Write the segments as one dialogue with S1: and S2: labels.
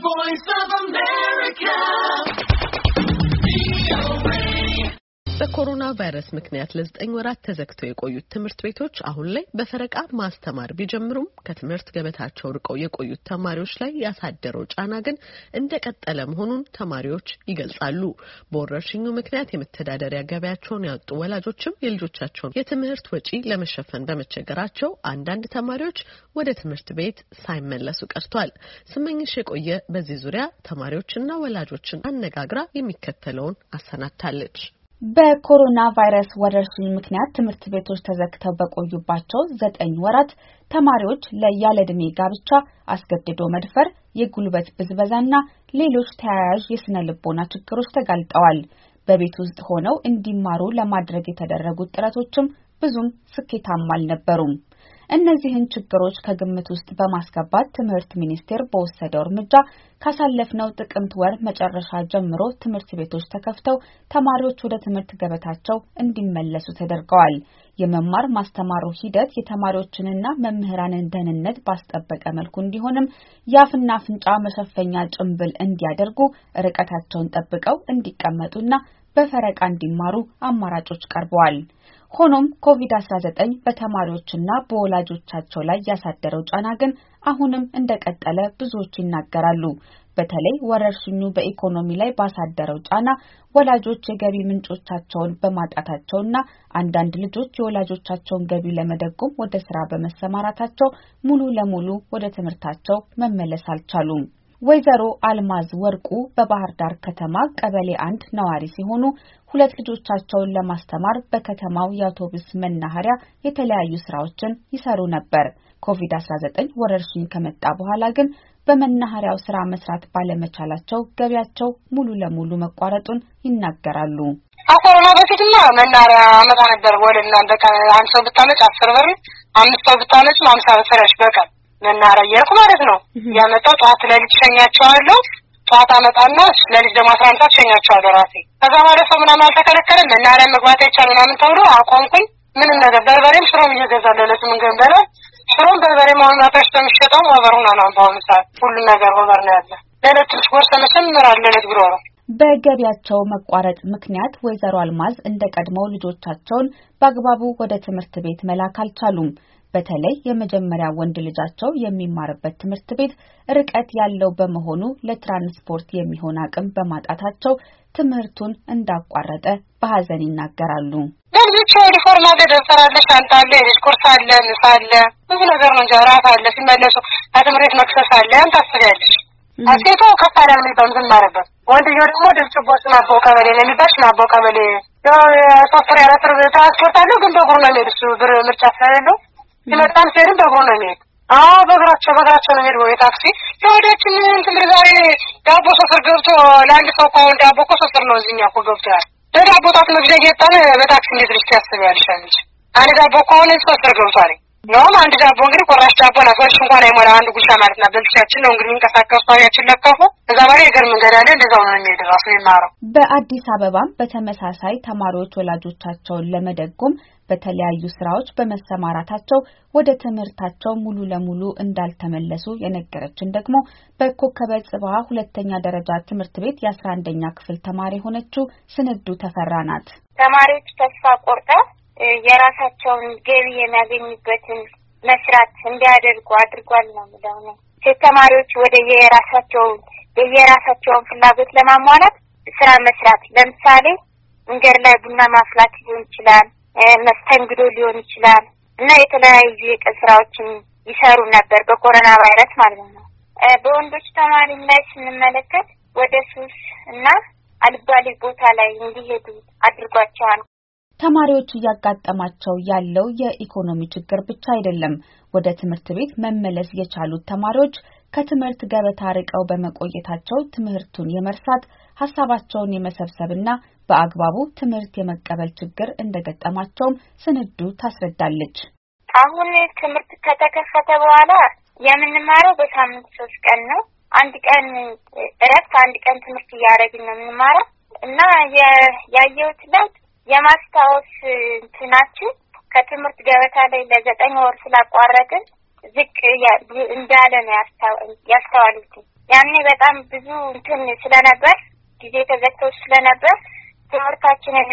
S1: voice of America.
S2: በኮሮና ቫይረስ ምክንያት ለዘጠኝ ወራት ተዘግተው የቆዩት ትምህርት ቤቶች አሁን ላይ በፈረቃ ማስተማር ቢጀምሩም ከትምህርት ገበታቸው ርቀው የቆዩት ተማሪዎች ላይ ያሳደረው ጫና ግን እንደቀጠለ መሆኑን ተማሪዎች ይገልጻሉ። በወረርሽኙ ምክንያት የመተዳደሪያ ገበያቸውን ያጡ ወላጆችም የልጆቻቸውን የትምህርት ወጪ ለመሸፈን በመቸገራቸው አንዳንድ ተማሪዎች ወደ ትምህርት ቤት ሳይመለሱ ቀርቷል። ስመኝሽ የቆየ በዚህ ዙሪያ ተማሪዎችና ወላጆችን አነጋግራ የሚከተለውን አሰናድታለች። በኮሮና ቫይረስ ወረርሽኝ ምክንያት ትምህርት ቤቶች ተዘግተው በቆዩባቸው ዘጠኝ ወራት ተማሪዎች ለያለዕድሜ ጋብቻ፣ አስገድዶ መድፈር፣ የጉልበት ብዝበዛና ሌሎች ተያያዥ የስነ ልቦና ችግሮች ተጋልጠዋል። በቤት ውስጥ ሆነው እንዲማሩ ለማድረግ የተደረጉት ጥረቶችም ብዙም ስኬታማ አልነበሩም። እነዚህን ችግሮች ከግምት ውስጥ በማስገባት ትምህርት ሚኒስቴር በወሰደው እርምጃ ካሳለፍነው ጥቅምት ወር መጨረሻ ጀምሮ ትምህርት ቤቶች ተከፍተው ተማሪዎች ወደ ትምህርት ገበታቸው እንዲመለሱ ተደርገዋል። የመማር ማስተማሩ ሂደት የተማሪዎችንና መምህራንን ደህንነት ባስጠበቀ መልኩ እንዲሆንም የአፍና አፍንጫ መሸፈኛ ጭንብል እንዲያደርጉ፣ ርቀታቸውን ጠብቀው እንዲቀመጡና በፈረቃ እንዲማሩ አማራጮች ቀርበዋል። ሆኖም ኮቪድ-19 በተማሪዎችና በወላጆቻቸው ላይ ያሳደረው ጫና ግን አሁንም እንደቀጠለ ብዙዎች ይናገራሉ። በተለይ ወረርሽኙ በኢኮኖሚ ላይ ባሳደረው ጫና ወላጆች የገቢ ምንጮቻቸውን በማጣታቸውና አንዳንድ ልጆች የወላጆቻቸውን ገቢ ለመደጎም ወደ ስራ በመሰማራታቸው ሙሉ ለሙሉ ወደ ትምህርታቸው መመለስ አልቻሉም። ወይዘሮ አልማዝ ወርቁ በባህር ዳር ከተማ ቀበሌ አንድ ነዋሪ ሲሆኑ ሁለት ልጆቻቸውን ለማስተማር በከተማው የአውቶቡስ መናኸሪያ የተለያዩ ስራዎችን ይሰሩ ነበር። ኮቪድ-19 ወረርሽኝ ከመጣ በኋላ ግን በመናኸሪያው ስራ መስራት ባለመቻላቸው ገቢያቸው ሙሉ ለሙሉ መቋረጡን ይናገራሉ።
S1: ከኮሮና በፊትማ መናኸሪያ አመጣ ነበር ወደ እናንተ አንድ ሰው ብታመጭ አስር ብር፣ አምስት ሰው ብታመጭ አምሳ ብር በቃ መናኸሪያ እየሄድኩ ማለት ነው ያመጣው ጠዋት ለልጅ ሸኛቸዋለሁ ጠዋት አመጣና ለልጅ ደግሞ አስራ አንድ ሰዓት ሸኛቸዋለሁ ራሴ ከዛ ማለት ሰው ምናምን አልተከለከለ መናኸሪያ መግባት አይቻል ምናምን ተብሎ አቆምኩኝ ምንም ነገር በርበሬም ሽሮም እየገዛለሁ ለስምንት ገንበላ ሽሮም በርበሬ መሆን ማፈሽ በሚሸጠው ኦቨር ሆና ነው በአሁኑ ሰዓት ሁሉ ነገር ኦቨር ነው ያለ ለዕለት ትንሽ ጎርሰ መጨምራል ለለት ብሎ ነው
S2: በገቢያቸው መቋረጥ ምክንያት ወይዘሮ አልማዝ እንደ ቀድሞው ልጆቻቸውን በአግባቡ ወደ ትምህርት ቤት መላክ አልቻሉም። በተለይ የመጀመሪያ ወንድ ልጃቸው የሚማርበት ትምህርት ቤት ርቀት ያለው በመሆኑ ለትራንስፖርት የሚሆን አቅም በማጣታቸው ትምህርቱን እንዳቋረጠ በሀዘን ይናገራሉ።
S1: ለልጆች ዩኒፎርም አለ፣ ደብተር አለ፣ ሻንጣ አለ፣ የልጅ ቁርስ አለ፣ ምሳ አለ፣ ብዙ ነገር ነው። እንጀራ አለ፣ ሲመለሱ ለትምህርት መክሰስ አለ። ያን ታስቢያለሽ። ሴቱ ከፋላ አለ የሚባል ዝም አረበት። ወንድየው ደግሞ ድብጭቦ ስናቦ ቀበሌ ነው የሚባል ሽናቦ ቀበሌ ሶፍር ያለ ትራንስፖርት አለው፣ ግን በእግሩ ነው የሚሄድ እሱ ብር ምርጫ ስለሌለው ይመጣል። ሲሄድም በእግሩ ነው የሚሄድ። አዎ በእግራቸው በእግራቸው ነው የሚሄድ ታክሲ የወዳችን እንትን ዛሬ ዳቦ ሶስር ገብቶ ለአንድ ሰው እኮ አሁን ዳቦ እኮ ሶስር ነው እዚህኛ እኮ ገብቷል። ለዳቦ ጣት መግዣ እየጣን በታክሲ እንዴት ልጅ ያስብ ያልሻል። አንድ ዳቦ ከሆነ ሶስር ገብቷል። ነውም አንድ ዳቦ እንግዲህ ቆራሽ ዳቦ ናሰዎች እንኳን አይሞላ አንድ ጉሻ ማለት ነው። በልቻችን ነው እንግዲህ የሚንቀሳቀሱ ሰዋያችን ለከፉ እዛ ባላ የገር መንገድ አለ። እንደዛው
S2: ነው ራሱ የሚማረው። በአዲስ አበባም በተመሳሳይ ተማሪዎች ወላጆቻቸውን ለመደጎም በተለያዩ ስራዎች በመሰማራታቸው ወደ ትምህርታቸው ሙሉ ለሙሉ እንዳልተመለሱ የነገረችን ደግሞ በኮከበ ጽባ ሁለተኛ ደረጃ ትምህርት ቤት የአስራ አንደኛ ክፍል ተማሪ የሆነችው ስንዱ ተፈራ ናት።
S3: ተማሪዎች ተስፋ ቆርጠው የራሳቸውን ገቢ የሚያገኙበትን መስራት እንዲያደርጉ አድርጓል ነው የምለው ነው። ሴት ተማሪዎች ወደ የራሳቸውን የየራሳቸውን ፍላጎት ለማሟላት ስራ መስራት ለምሳሌ መንገድ ላይ ቡና ማፍላት ሊሆን ይችላል፣ መስተንግዶ ሊሆን ይችላል እና የተለያዩ የቀን ስራዎችን ይሰሩ ነበር በኮሮና ቫይረስ ማለት ነው። በወንዶች ተማሪ ላይ ስንመለከት ወደ ሱስ እና አልባሌ ቦታ ላይ እንዲሄዱ
S2: አድርጓቸዋል። ተማሪዎች እያጋጠማቸው ያለው የኢኮኖሚ ችግር ብቻ አይደለም። ወደ ትምህርት ቤት መመለስ የቻሉት ተማሪዎች ከትምህርት ገበታ ርቀው በመቆየታቸው ትምህርቱን የመርሳት ሀሳባቸውን የመሰብሰብና በአግባቡ ትምህርት የመቀበል ችግር እንደገጠማቸውም ስንዱ ታስረዳለች።
S3: አሁን ትምህርት ከተከፈተ በኋላ የምንማረው በሳምንት ሶስት ቀን ነው። አንድ ቀን እረፍት፣ አንድ ቀን ትምህርት እያደረግን ነው የምንማረው እና ያየሁት ለውጥ የማስታወስ እንትናችን ከትምህርት ገበታ ላይ ለዘጠኝ ወር ስላቋረጥን ዝቅ እንዳለ ነው ያስተዋሉት። ያኔ በጣም ብዙ እንትን ስለነበር ጊዜ ተዘግተው ስለነበር ትምህርታችንን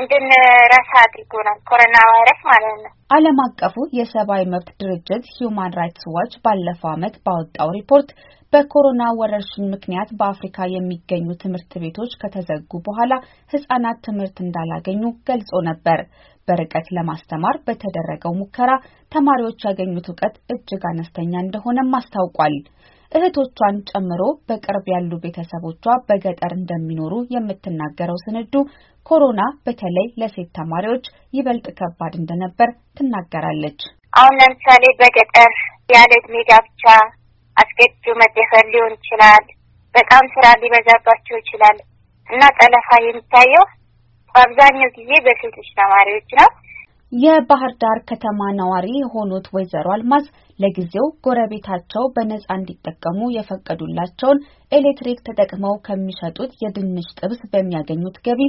S3: እንድንረሳ አድርጎናል። ኮሮና ቫይረስ ማለት ነው።
S2: ዓለም አቀፉ የሰብአዊ መብት ድርጅት ሂዩማን ራይትስ ዋች ባለፈው ዓመት ባወጣው ሪፖርት በኮሮና ወረርሽኝ ምክንያት በአፍሪካ የሚገኙ ትምህርት ቤቶች ከተዘጉ በኋላ ህጻናት ትምህርት እንዳላገኙ ገልጾ ነበር። በርቀት ለማስተማር በተደረገው ሙከራ ተማሪዎች ያገኙት እውቀት እጅግ አነስተኛ እንደሆነም አስታውቋል። እህቶቿን ጨምሮ በቅርብ ያሉ ቤተሰቦቿ በገጠር እንደሚኖሩ የምትናገረው ስንዱ ኮሮና በተለይ ለሴት ተማሪዎች ይበልጥ ከባድ እንደነበር ትናገራለች።
S3: አሁን ለምሳሌ በገጠር ያለ እድሜ ጋብቻ አስገድዶ መደፈር ሊሆን ይችላል። በጣም ስራ ሊበዛባቸው ይችላል እና ጠለፋ የሚታየው በአብዛኛው ጊዜ በሴቶች ተማሪዎች ነው።
S2: የባህር ዳር ከተማ ነዋሪ የሆኑት ወይዘሮ አልማዝ ለጊዜው ጎረቤታቸው በነጻ እንዲጠቀሙ የፈቀዱላቸውን ኤሌክትሪክ ተጠቅመው ከሚሸጡት የድንች ጥብስ በሚያገኙት ገቢ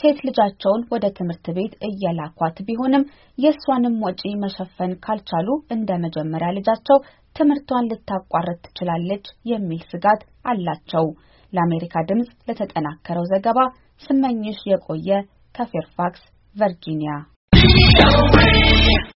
S2: ሴት ልጃቸውን ወደ ትምህርት ቤት እየላኳት ቢሆንም የእሷንም ወጪ መሸፈን ካልቻሉ እንደ መጀመሪያ ልጃቸው ትምህርቷን ልታቋርጥ ትችላለች የሚል ስጋት አላቸው። ለአሜሪካ ድምፅ ለተጠናከረው ዘገባ ስመኝሽ የቆየ ከፌርፋክስ ቨርጂኒያ Be away.